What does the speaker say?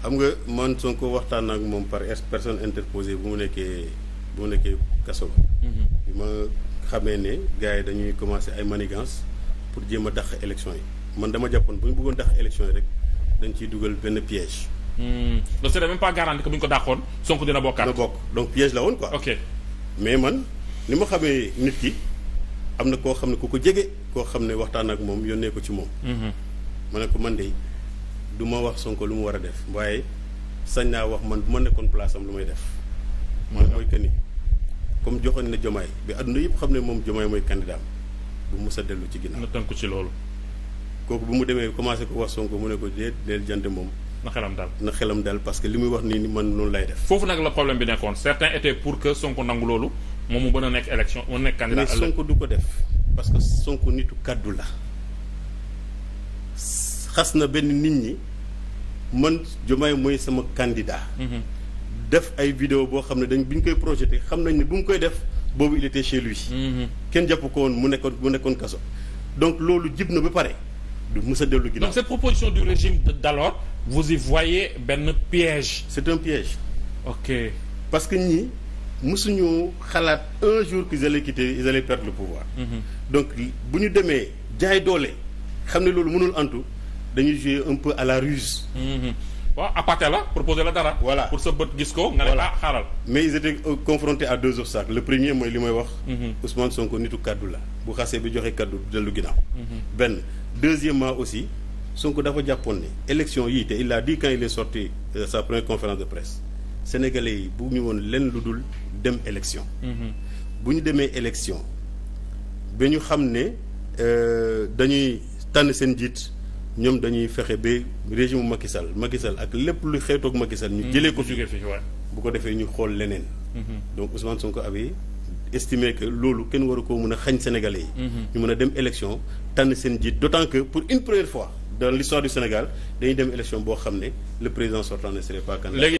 xam nga man Sonko waxtaan ak moom par personne interposée bu mu nekkee bu mu nekkee kaso mhm. bi ma xamee ne gars yi dañuy commencé ay manigance pour jéem a dax élection yi man dama jàppoon bu ñu bëggoon dàq élection yi rek dañ ciy dugal benn piège. Hmm. donc c'est même pas garanti que bu ñu ko dàqoon Sonko dina bokkaat. dina bokk donc piège la woon quoi. ok mais man ni ma xamee nit ki am na koo xam ne ku ko jege koo xam ne waxtaan ak moom yónnee ko ci moom. Mhm. ma ne ko man de. du ma wax Sonko lu mu war a def waaye sañ naa wax man bu ma nekkoon place am lu may def. man mooy que ni comme joxoon na Diomaye bi adduna yëpp xam ne moom Diomaye mooy candidat am bu mu sa dellu ci ginnaaw. na tënku ci loolu. kooku bu mu demee commencé ko wax Sonko mu ne ko déet déet jant moom. na xelam dal na xelam dal parce que li muy wax nii man noonu lay def. foofu nag la problème bi nekkoon certains étaient pour que Sonko nangu loolu moom mu mën a nekk élection mu nekk candidat. mais Sonko du ko def parce que Sonko nitu kaddu la xas na benn nit ñi. man Diomaye mooy sama candidat. def ay vidéo boo xam ne dañ buñ ñu koy projeté xam nañ ne bu mu koy def boobu il était chez lui. Mm-hmm. kenn jàpp ko woon mu nekkoon mu nekkoon kaso. donc loolu jib na ba pare du mës dellu ginnaaw. donc cette proposition du régime d'alors vous y voyez benn piège. c'est un piège. ok parce que ñii mësuñu xalaat un jour qu'ils allaient quitter ils allaient pouvoir. Mm-hmm. donc bu ñu demee jaay doole xam ne loolu mënul antu. dañuy jouer un peu à la ruse. Mhm. waaw aparté la proposé la dara. voilà pour sa bët gis ko. nga ne ah xaaral. mais ils étaient euh, confrontés à deux obstacles le premier mooy li may wax. Mhm. Ousmane Sonko nitu kàddu la bu xasee bi joxe kaddu dellu ginnaaw. Mhm. benn deuxièmement aussi Sonko dafa jàppoon ni élection yi te il a dit quand il sorti euh, sa première conférence de presse sénégalais yi bu ñu woon lenn lu dul dem élection. bu ñu demee élection ba ñu xam ne euh, dañuy tànn seen jiit. ñoom dañuy fexe ba régime Macky Sall Macky Sall ak lépp lu xeetoog Macky Sall ñu mm. jëlee ko fi bu ko defee ñu xool leneen mm-hmm. donc Ousmane Sonko avait estimé que loolu kenn war a koo mën a xañ sénégalais yi mm-hmm. ñu mën a dem élection tànn seen jiit d'autant que pour une première fois dans l'histoire Sénégal dañuy dem élection boo xam ne le président sortant ne serait pas candidat